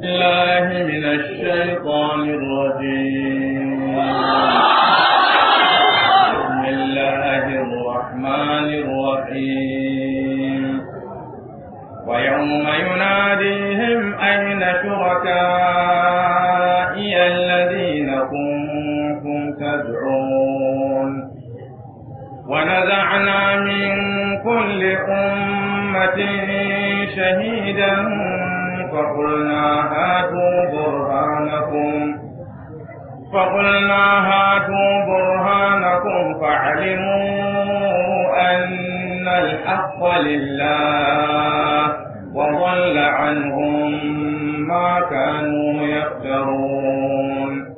بالله من الشيطان الرجيم بسم الله الرحمن الرحيم ويوم يناديهم أين شركائي الذين كنتم تدعون ونزعنا من كل أمة شهيدا فقلنا هاتوا برهانكم فقلنا هاتوا برهانكم فعلموا أن الحق لله وضل عنهم ما كانوا يفترون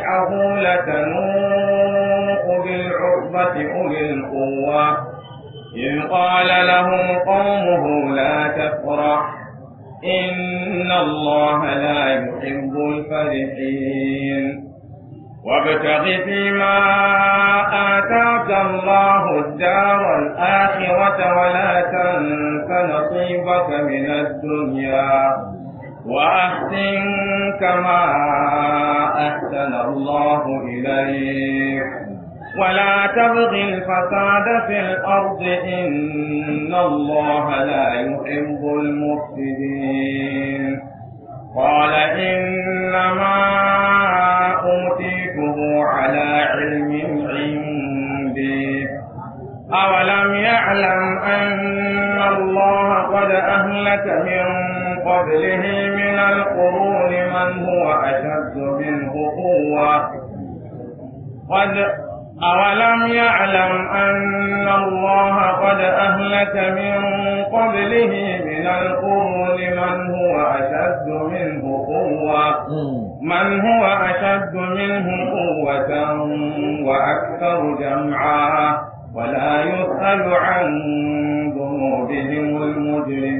جميعه لتنوء بالعربة أولي القوة إذ قال لهم قومه لا تفرح إن الله لا يحب الفرحين وابتغ فيما آتاك الله الدار الآخرة ولا تنس نصيبك من الدنيا وأحسن كما أحسن الله إليك ولا تبغ الفساد في الأرض إن الله لا يحب المفسدين قال إنما أوتيته على علم عندي أولم يعلم أن الله قد أهلك من قبله من القرون من هو أشد منه قوة قد أولم يعلم أن الله قد أهلك من قبله من القرون من هو أشد منه قوة من هو أشد منه قوة وأكثر جمعا ولا يسأل عن ذنوبهم المجرمون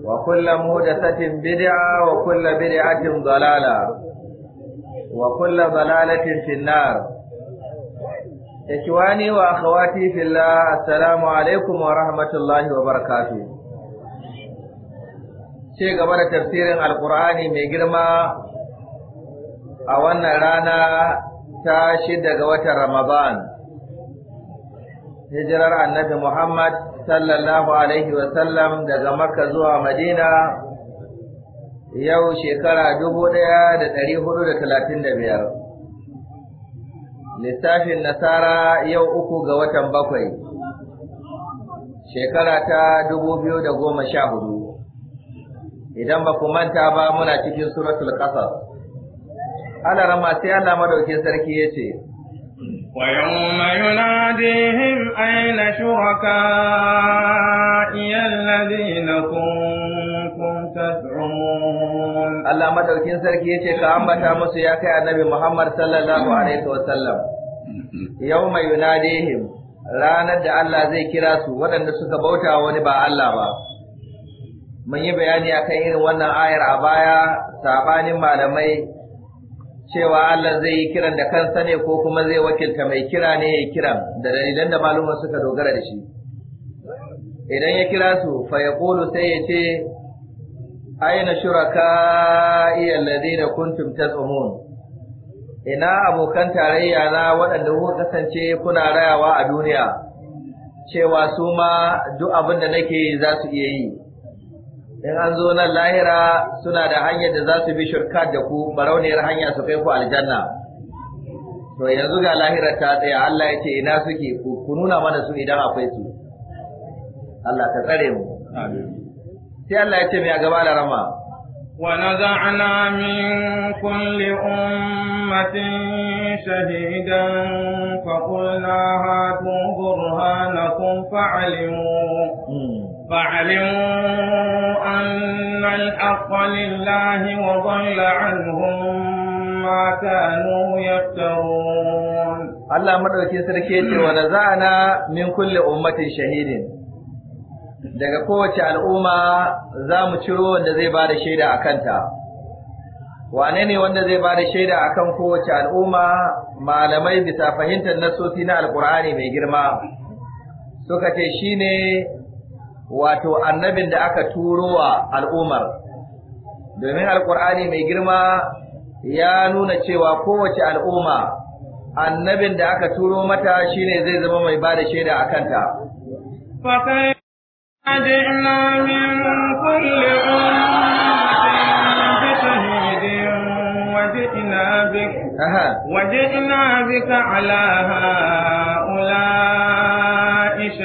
wa kulla muda satin bidya wa kulla bidya atin zalala wa kulla zalala tin sinar ya wa akawati fila assalamu alaikum wa rahmatullahi wa barakati ce gaba da tafsirin alkur'ani mai girma a wannan rana ta shida ga watan ramadan hijirar annabi Muhammad sallallahu alaihi wasallam daga Makka zuwa Madina yau shekara dubu ɗaya da ɗari hudu da talatin da biyar. Lissafin Nasara yau uku ga watan bakwai, shekara ta dubu biyu da goma sha hudu. Idan ba manta ba muna cikin suratul ƙasar. Allah rama sai Allah madauki sarki ya ce, ويوم يناديهم أين شركائي الذين كنتم تدعون الله ما تركين سركي يتي كأمة تامس يا النبي محمد صلى الله عليه وسلم يوم يناديهم ranar da Allah zai kira su waɗanda suka bauta wani ba Allah ba. Mun yi bayani akan irin wannan ayar a baya sabanin malamai cewa Allah zai yi kiran da kansa ne ko kuma zai wakilta mai kira ne ya kiran da dalilan da malumar suka dogara da shi idan ya kira su fa Kulu sai ya ce aina iyal ladina kuntum taz'umun ina abokan tarayya na waɗanda kuka kasance kuna rayawa a duniya cewa su ma duk abin da nake za su iya yi in an zo nan lahira suna da hanyar da za su bi shirka da ku barauniyar hanya su kai ku aljanna to yanzu ga lahirar ta tsaya Allah ya ce ina suke ku nuna mana su idan akwai su Allah ka tsare mu sai Allah ya ce mai gaba da rama ونزعنا من كل أمة شهيدا فقلنا هاتوا برهانكم فعلموا فعلموا أن الحق لله وضل عنهم ما كانوا يفترون الله مدركين سركيتي ونزعنا من كل أمة شهيد daga kowace al'umma za mu ciro wanda zai ba da shaida a kanta. Wane ne wanda zai ba da shaida a kan kowace al'umma malamai bisa fahimtar nasosi na Alƙur'ani mai girma, suka ce shi ne wato annabin da aka turo wa al'umar domin Alƙur'ani mai girma ya nuna cewa kowace al'umma annabin da aka turo mata shine zai zama mai bada da shaida a kanta جئنا وجئنا بك على هؤلاء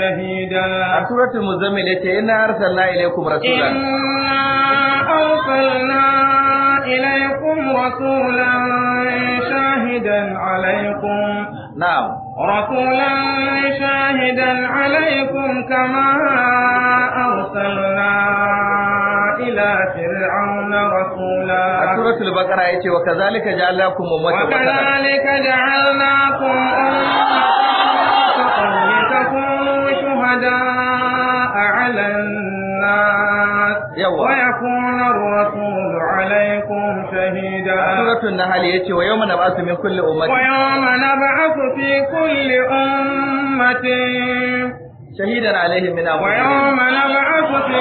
شهيدا سورة المزمل إنا أرسلنا إليكم رسولا إنا أرسلنا إليكم رسولا شاهدا عليكم نعم رسولا شاهدا عليكم كما أرسلنا إلى فرعون رسولا سورة البقرة يتي وكذلك جعلناكم أمة وكذلك جعلناكم أمة شهداء على الناس ويكون الرسول عليكم شهيدا سورة النحل يتي ويوم نبعث من كل أمة ويوم نبعث في كل أمة شهيدا عليهم من أمة ويوم نبعث في كل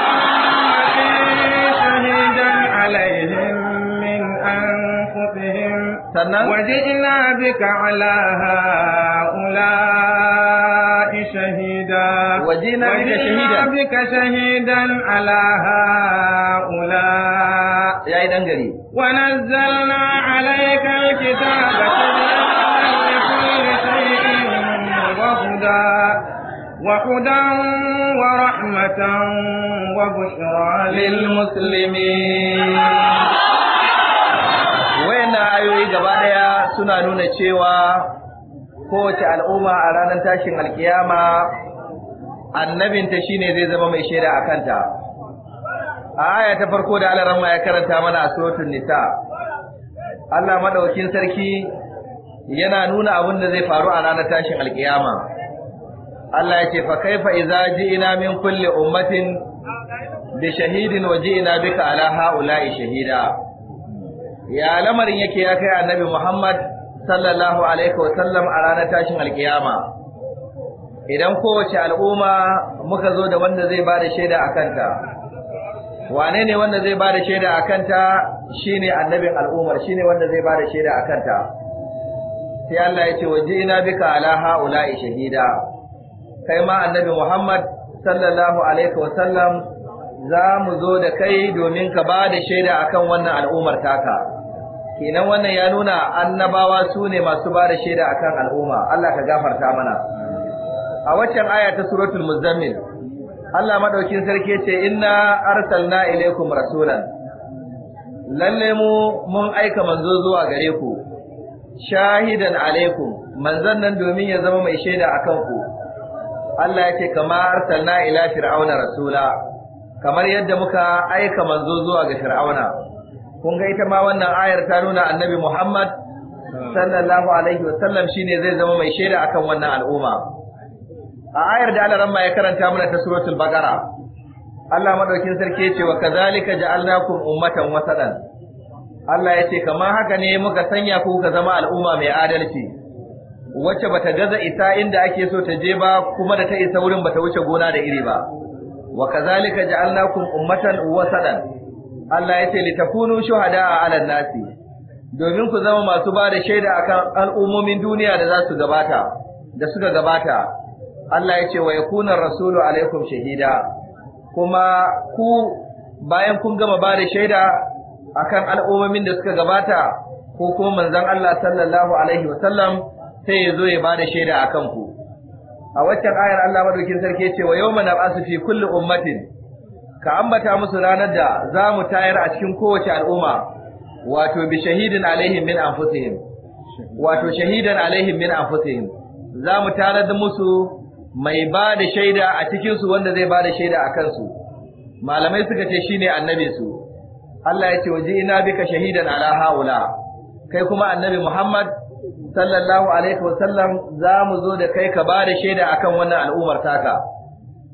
أمة شهيدا عليهم من أنفسهم وجئنا بك على هؤلاء بالحق شهيدا وجينا بك شهيدا بك شهيدا على هؤلاء يا إذن ونزلنا عليك الكتاب لكل شيء وهدى وهدى ورحمة وبشرى للمسلمين wayannan ayoyi gaba daya suna nuna cewa kowace al'umma a ranar tashin alkiyama annabinta shine zai zama mai shaida a kanta a aya ta farko da alaran ya karanta mana a suratul nisa Allah madaukin sarki yana nuna abin da zai faru a ranar tashin alkiyama Allah ya ce fa kaifa idza ji'ina min kulli ummatin bi shahidin wa ji'ina bika ala ha'ula'i shahida ya lamarin yake ya kai annabi Muhammad sallallahu alaihi wasallam a ranar tashin alkiyama idan kowace al'umma muka zo da wanda zai ba da shaida a kanta wane ne wanda zai ba da shaida a kanta shine annabin al'ummar shine wanda zai ba da shaida a kanta sai Allah ya ce waje ina bika ala haula'i shahida kai ma annabi Muhammad sallallahu alaihi wasallam za mu zo da kai domin ka ba da shaida akan wannan al'ummar taka kenan wannan ya nuna annabawa su ne masu ba da shaida akan al'umma Allah ka gafarta mana a waccan aya ta suratul muzammil Allah madaukin sarki ce inna arsalna ilaikum rasulan lalle mu mun aika manzo zuwa gare ku shahidan alaikum manzon nan domin ya zama mai shaida akan ku Allah ya ce kama arsalna ila fir'auna rasula kamar yadda muka aika manzo zuwa ga fir'auna kun ga ita ma wannan ayar ta nuna annabi Muhammad sallallahu alaihi wa sallam shine zai zama mai shaida akan wannan al'umma a ayar da Allah ya karanta mana ta suratul baqara Allah madaukin sarki ce wa kadhalika ja'alnakum ummatan wasatan Allah yace kamar haka ne muka sanya ku ka zama al'umma mai adalci wacce bata gaza isa inda ake so ta je ba kuma da ta isa wurin bata wuce gona da iri ba wa kadhalika ja'alnakum ummatan wasatan Allah ya ce litakunu shuhada 'alan nasi domin ku zama masu ba da shaida akan al'ummomin duniya da za su gabata da suka gabata Allah ya ce wa yakuna rasulu alaikum shahida kuma ku bayan kun gama ba da shaida akan al'ummomin da suka gabata ko kuma manzon Allah sallallahu alaihi wa sallam sai ya zo ya ba da shaida akan ku a waccan ayar Allah madaukin sarki ya ce wa yawma nab'asu fi kulli ummatin ka ambata musu ranar da za mu tayar a cikin kowace al'umma wato bi shahidin alaihim min anfusihim wato shahidan alaihim min anfusihim za mu tarar da musu mai ba da shaida a cikin su wanda zai ba da shaida a kansu malamai suka ce shine annabi su Allah ya ce waje ina bika shahidan ala haula kai kuma annabi Muhammad sallallahu alaihi wasallam za mu zo da kai ka ba da shaida akan wannan al'ummar taka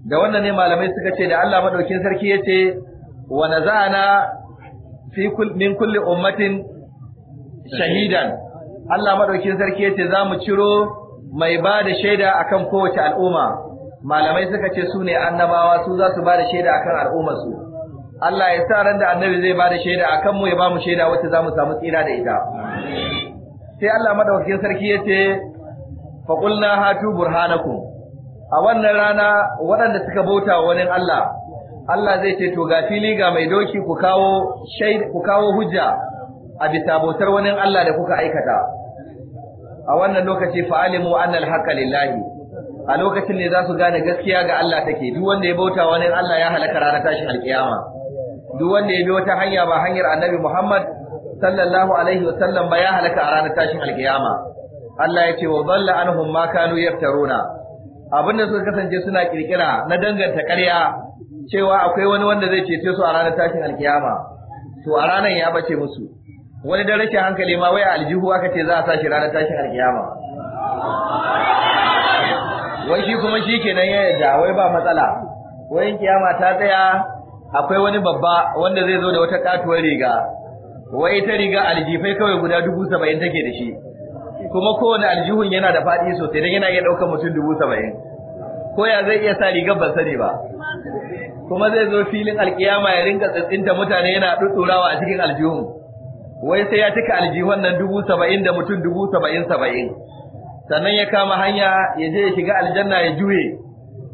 da wannan ne malamai suka ce da Allah madaukin sarki yace wa nazana fi kull min kulli ummatin shahidan Allah madaukin sarki yace zamu ciro mai ba da shaida akan kowace al'umma malamai suka ce su ne annabawa su za su ba da shaida akan al'ummar su Allah ya sa ran da annabi zai ba da shaida akan mu ya ba mu shaida wacce za mu samu tsira da ita sai Allah madaukin sarki yace fa qulna hatu burhanakum a wannan rana waɗanda suka bauta wa wani Allah Allah zai ce to ga fili ga mai doki ku kawo shaid ku kawo hujja a bisa bautar wani Allah da kuka aikata a wannan lokaci fa'alimu annal haqqa lillahi a lokacin ne za su gane gaskiya ga Allah take duk wanda ya bauta wani Allah ya halaka ranar tashin alkiyama duk wanda ya bi wata hanya ba hanyar Annabi Muhammad sallallahu alaihi wasallam ba ya halaka a ranar tashin alkiyama Allah ya ce wa dhalla anhum ma kanu yaftaruna abinda suka kasance suna kirkira na danganta ƙarya cewa akwai wani wanda zai cece su a ranar tashin alkiyama to a ranar ya bace musu wani da rashin hankali ma wai aljihu aka ce za a sashi ranar tashin alkiyama wai shi kuma shi kenan ya yarda wai ba matsala wai kiyama ta tsaya akwai wani babba wanda zai zo da wata katuwar riga wai ita riga aljifai kawai guda dubu saba'in take da shi kuma kowane aljihun yana da faɗi sosai don yana iya ɗaukar mutum dubu saba'in ko ya zai iya sa rigar ban sani ba kuma zai zo filin alƙiyama ya ringa tsintsinta mutane yana ɗuɗɗurawa a cikin aljihun wai sai ya cika aljihun nan dubu saba'in da mutum dubu saba'in saba'in sannan ya kama hanya ya je ya shiga aljanna ya juye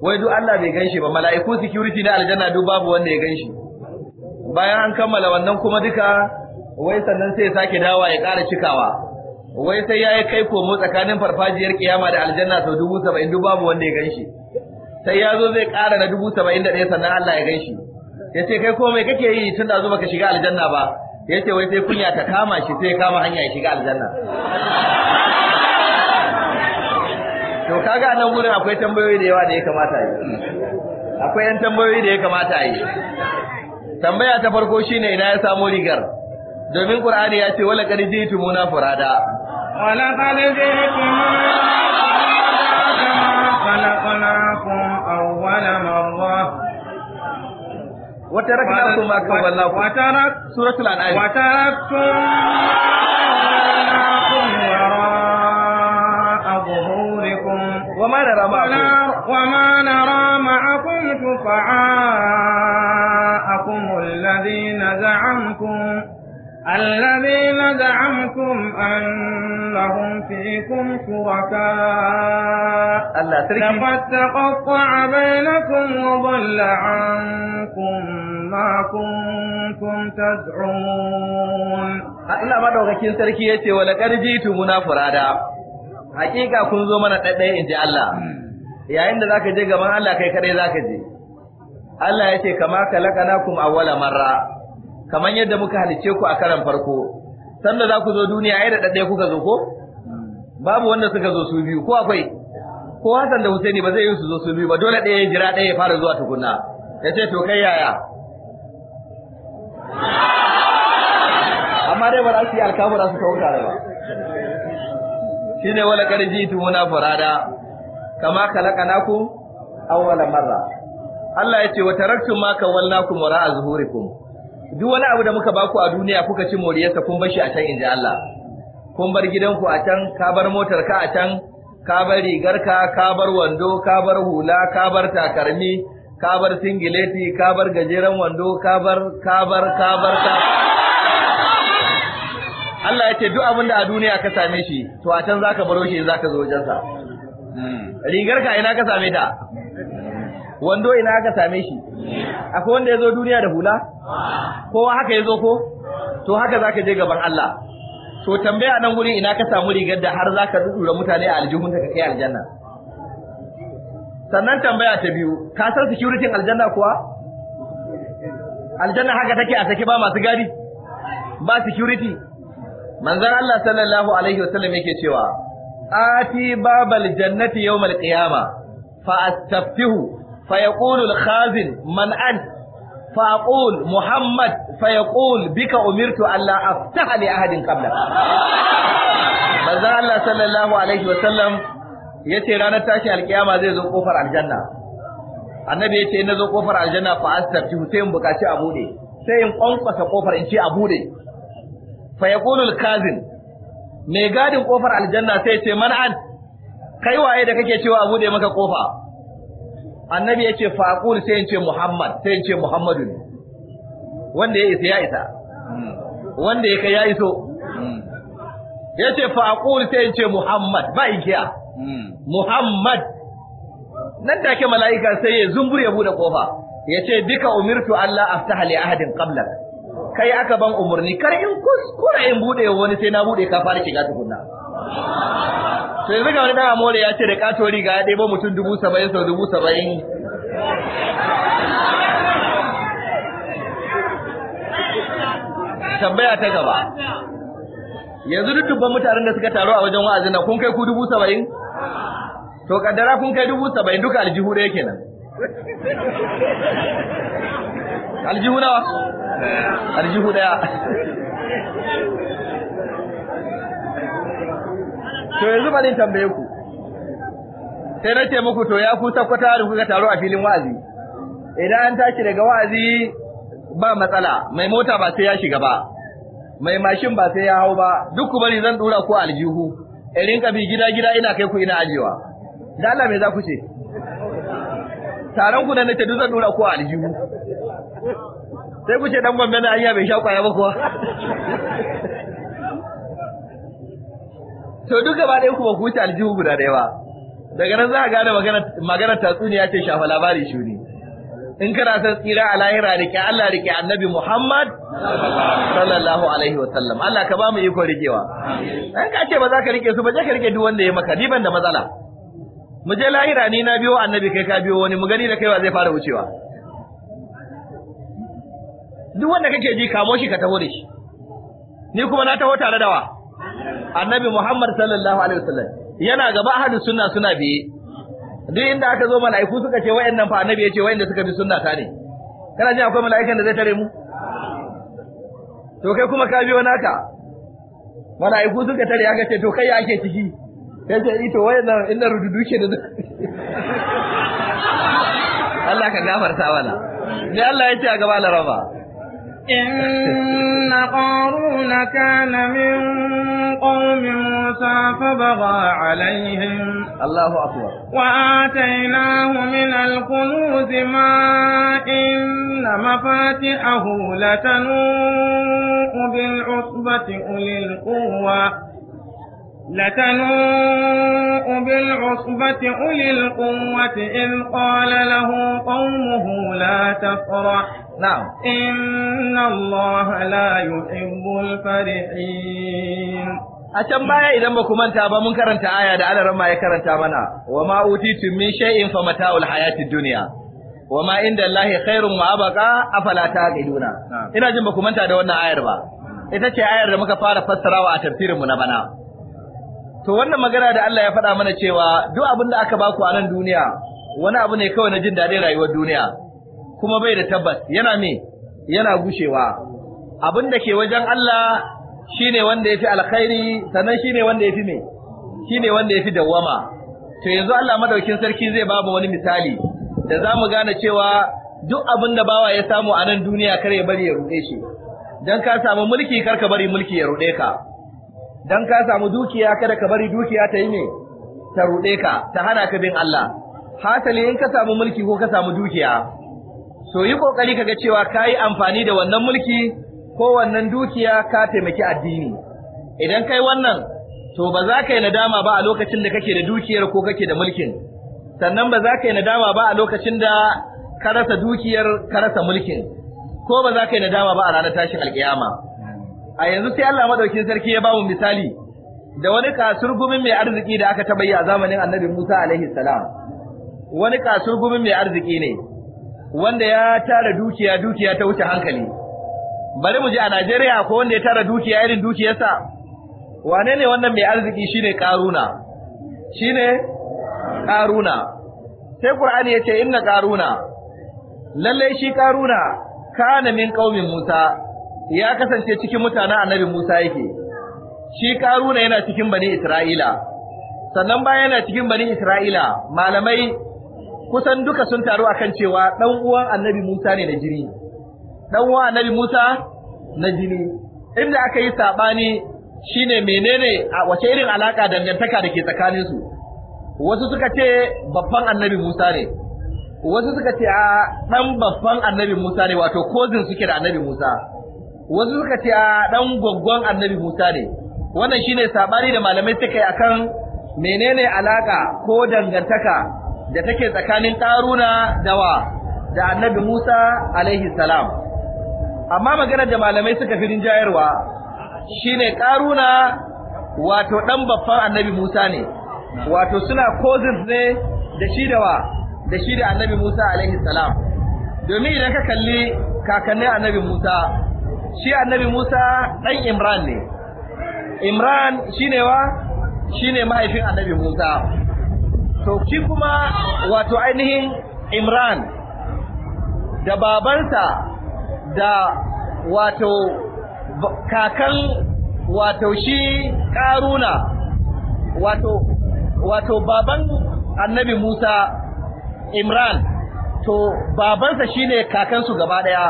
wai duk Allah bai ganshi ba mala'iku security na aljanna duk babu wanda ya ganshi bayan an kammala wannan kuma duka wai sannan sai ya sake dawa ya ƙara cikawa wai sai ya yi kai komo tsakanin farfajiyar kiyama da aljanna sau dubu saba'in duk babu wanda ya ganshi sai ya zo zai ƙara na dubu saba'in da ɗaya sannan Allah ya ganshi ya ce kai komai kake yi tun da zo baka shiga aljanna ba ya ce wai sai kunya ta kama shi sai kama hanya ya shiga aljanna to kaga a nan wurin akwai tambayoyi da yawa da ya kamata yi akwai yan tambayoyi da ya kamata yi tambaya ta farko shine ina ya samu rigar domin Qur'ani ya ce wala qad jitumuna furada ولقد جئتمونا كما خلقناكم أول مرة وتركناكم ما كبرناكم وترك سورة الأنعام وتركتم وراء ظهوركم وما نرى معكم وما نرى معكم شفعاءكم الذين زعمتم الذين زعمتم أنهم فيكم شركاء لقد تقطع بينكم وضل عنكم ما كنتم تدعون Allah madaukakin sarki yace wa laqad jitumuna furada hakika kun zo mana daddai inji Allah yayin da zaka je gaban Allah kai kadai zaka je Allah yace kama kalakanakum awwala marra kamar yadda muka halice ku a karan farko sanda za ku zo duniya ai da ɗaɗɗaya kuka zo ko babu wanda suka zo su biyu ko akwai ko Hassan da Husaini ba zai yi su zo su biyu ba dole ɗaya ya jira ɗaya ya fara zuwa tukunna ya ce to kai yaya amma dai ba za su yi alkamura su kawo da ba shi ne wala karji muna farada kama kalakanakum awwala marra Allah ya ce wa taraktum ma kawalnakum wara'a zuhurikum duk wani abu da muka ba ku a duniya kuka ci moriyarsa kun bar shi a can inji Allah kun bar gidanku a can ka bar motar ka a can ka bar rigar ka Ka bar wando ka bar hula ka bar takarmi ka bar singileti ka bar gajeren wando ka bar ka bar ka bar ka Allah ya ce duk abin da a duniya ka same shi to a can zaka baro shi zaka zo wajensa hmm. ka ina ka same ta wando ina aka same shi akwai wanda ya zo duniya da hula kowa haka ya zo ko to haka za ka je gaban Allah to tambaya nan guri ina ka samu rigar da har za ka dudura mutane a aljihunta ka kai aljanna sannan tambaya ta biyu ka san security aljanna kuwa aljanna haka take a sake ba masu gadi ba security manzon Allah sallallahu alaihi wasallam yake cewa ati babal jannati yawmal qiyama fa astaftihu فيقول الخازن من أنت فأقول محمد فيقول بك أمرت ألا أفتح لأحد قبلك manzon Allah sallallahu alaihi wa sallam yace ranar tashi alkiyama zai zo kofar aljanna annabi yace in zo kofar aljanna fa astafti sai in bukaci a bude sai in kwankwasa kofar in ce a bude fa yaqulu mai gadin kofar aljanna sai ce man kai waye da kake cewa a bude maka ƙofa? annabi yace faqul sai yace ce muhammad sai yace ce muhammadu ne wanda ya isa ya isa hmm. wanda ya kai ya iso hmm. yace faqul sai yace ce muhammad ba ikiya hmm. muhammad nan da ke mala'ika sai ya zumbure bude kofa yace bika umirtu allah aftah li ahadin qablak kai aka ban umurni kar in kuskura in bude wani sai na bude ka fara shiga tukunna to yanzu ga wani dan amore ya ce da kato riga ya debo mutum dubu saba'in sau dubu saba'in tambaya ta gaba yanzu duk dubban mutanen da suka taru a wajen wa'azin nan kun kai ku dubu saba'in to kaddara kun kai dubu saba'in duka aljihu yake kenan aljihu nawa aljihu ɗaya to yanzu bari in tambaye ku sai na ce muku to ya ku sakwata da kuka taro a filin wa'azi idan an tashi daga wa'azi ba matsala mai mota ba sai ya shiga ba mai mashin ba sai ya hau ba duk ku bari zan dura ku aljihu irin ka bi gida gida ina kai ku ina ajewa da Allah me za ku ce taron ku da nace duk zan dura ku aljihu sai ku ce dan gombe na hanya bai sha kwaya ba kuwa to duk gaba ɗaya kuma ku wuce aljihu guda da yawa, daga nan za ka gane magana magana tatsuniya ce shafa labari shuri in kana san tsira a lahira rike Allah rike annabi Muhammad sallallahu alaihi wa sallam Allah ka ba mu iko rikewa an ka ce ba za ka rike su ba je ka rike duk wanda ya maka diban da matsala mu je lahira ni na biyo annabi kai ka biyo wani mu gani da kai wa zai fara wucewa duk wanda kake ji kamo shi ka taho da shi ni kuma na taho tare da wa annabi Muhammad sallallahu alaihi wasallam yana gaba ahlus sunna suna biye duk inda aka zo mala'iku suka ce wayannan fa annabi yace wayanda suka bi sunna ta ne kana jin akwai mala'ikan da zai tare mu to kai kuma ka biyo naka mala'iku suka tare ya ce to kai ya ake ciki sai ce ito wayannan inda rududu ke da Allah ka gafarta mana ne Allah ya ce a gaba laraba إن قارون كان من قوم موسى فبغى عليهم الله أكبر وآتيناه من الكنوز ما إن مفاتحه لتنوء بالعصبة أولي القوة لتنوء بالعصبة أولي القوة إذ قال له قومه لا تفرح نعم إن الله لا يحب الفرحين a can baya idan ba ku manta ba mun karanta aya da alaran ma ya karanta mana wa ma utitu min shay'in fa mata'ul hayatid dunya wa ma inda Allahi khairun wa abqa afala taqiduna ina jin ba ku manta da wannan ayar ba ita ce ayar da muka fara fassarawa a tafsirin mu na bana to wannan magana da Allah ya faɗa mana cewa duk abin da aka baku a nan duniya wani abu ne kawai na jin daɗin rayuwar duniya kuma bai da tabbas yana me yana gushewa abin da ke wajen Allah shine wanda yafi alkhairi sannan shine wanda yafi me shine wanda yafi dawama to yanzu Allah madaukin sarki zai babu wani misali da zamu gane cewa duk abin da bawa ya samu a nan duniya kar ya bari ya rude shi dan ka samu mulki kar ka bari mulki ya rude ka dan ka samu dukiya kada ka bari dukiya ta yi me ta rude ka ta hana ka bin Allah hasali in ka samu mulki ko ka samu dukiya to yi kokari kaga cewa kai amfani da wannan mulki ko wannan dukiya ka taimaki addini idan kai wannan to ba za ka yi nadama ba a lokacin da kake da dukiyar ko kake da mulkin sannan ba za ka yi nadama ba a lokacin da ka rasa dukiyar ka rasa mulkin ko ba za ka yi nadama ba a ranar tashin alkiyama a yanzu sai Allah madaukin sarki ya ba mu misali da wani kasurgumin mai arziki da aka taɓa yi a zamanin Annabi Musa alaihi salam wani kasurgumin mai arziki ne wanda ya tara dukiya dukiya ta wuce hankali bari mu ji a Najeriya ko wanda ya tara dukiya irin dukiyarsa wane ne wannan mai arziki shine karuna shine karuna sai Qur'ani yace inna karuna lalle shi karuna kana min qaumin Musa ya kasance cikin mutanen annabi Musa yake shi karuna yana cikin bani Isra'ila sannan bayan yana cikin bani Isra'ila malamai kusan duka sun taru akan cewa dan uwan annabi Musa ne na jini dan uwan annabi Musa na jini inda aka yi sabani shine menene a wace irin alaka dangantaka da ke tsakanin su wasu suka ce babban annabi Musa ne wasu suka ce a dan babban annabi Musa ne wato cousin suke da annabi Musa wasu suka ce a dan gwaggon annabi Musa ne wannan shine sabani da malamai suka yi akan menene alaka ko dangantaka da take tsakanin karuna da wa da annabi Musa alaihi salam amma maganar da malamai suka fi rinjayarwa shine karuna wato dan babban annabi Musa ne wato suna cousins ne da shi da wa da shi da annabi Musa alaihi salam domin idan ka kalli kakannin annabi Musa shi annabi Musa dan Imran ne Imran shine wa shine mahaifin annabi Musa to shi kuma wato ainihin Imran da babansa da wato kakan wato shi Karuna wato wato baban Annabi Musa Imran to babansa shine kakansu gaba daya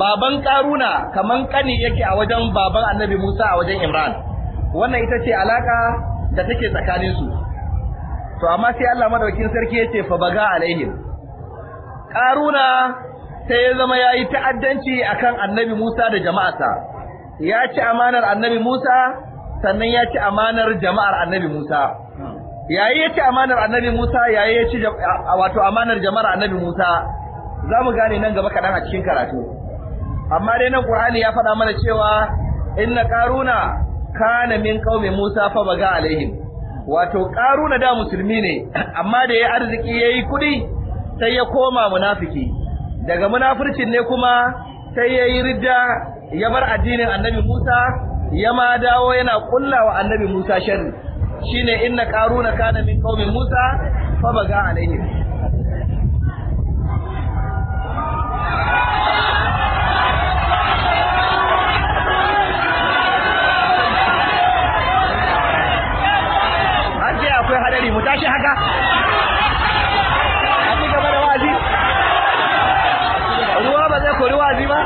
baban Karuna kaman kani yake a wajen baban Annabi Musa a wajen Imran wannan ita ce alaka da take tsakaninsu to amma sai Allah madaukin sarki yace fa baga alaihim karuna sai ya zama yayi ta'addanci akan annabi Musa da jama'arsa ya ci amanar annabi Musa sannan ya ci amanar jama'ar annabi Musa yayi ya ci amanar annabi Musa yayi ya ci wato amanar jama'ar annabi Musa za gane nan gaba kaɗan a cikin karatu amma dai nan Qur'ani ya faɗa mana cewa inna karuna kana min qaumi Musa fa baga alaihim wato karuna da musulmi ne amma da yayi arziki yayi kudi sai ya koma munafiki daga munafircin ne kuma sai yayi ridda ya bar addinin annabi Musa ya ma dawo yana kullawa annabi Musa sharri shine inna karuna kana min qaumin Musa fa baga alaihim labari mu tashi haka a ci gaba da wazi ruwa ba zai kori wazi ba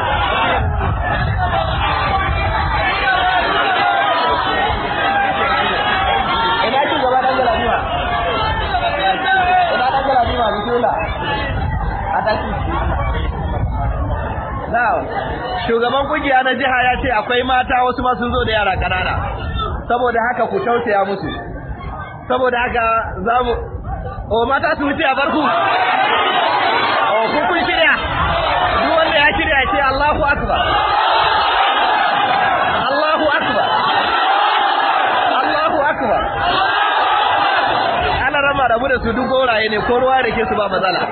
ina ci gaba dan ina dan a Now, shugaban kungiya na jiha ya ce akwai mata wasu ma sun zo da yara kanana saboda haka ku tausaya musu saboda haka za mu o mata su wuce a barku o kukun shirya duk wanda ya shirya ce Allahu akbar Allahu akbar Allahu akbar ana rama rabu da su duk goraye ne ko ruwa da ke su ba matsala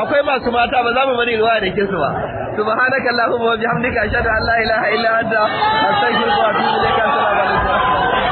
akwai masu mata ba za mu bari ruwa da ke su ba سبحانك اللهم وبحمدك اشهد ان لا اله الا انت استغفرك واتوب اليك السلام عليكم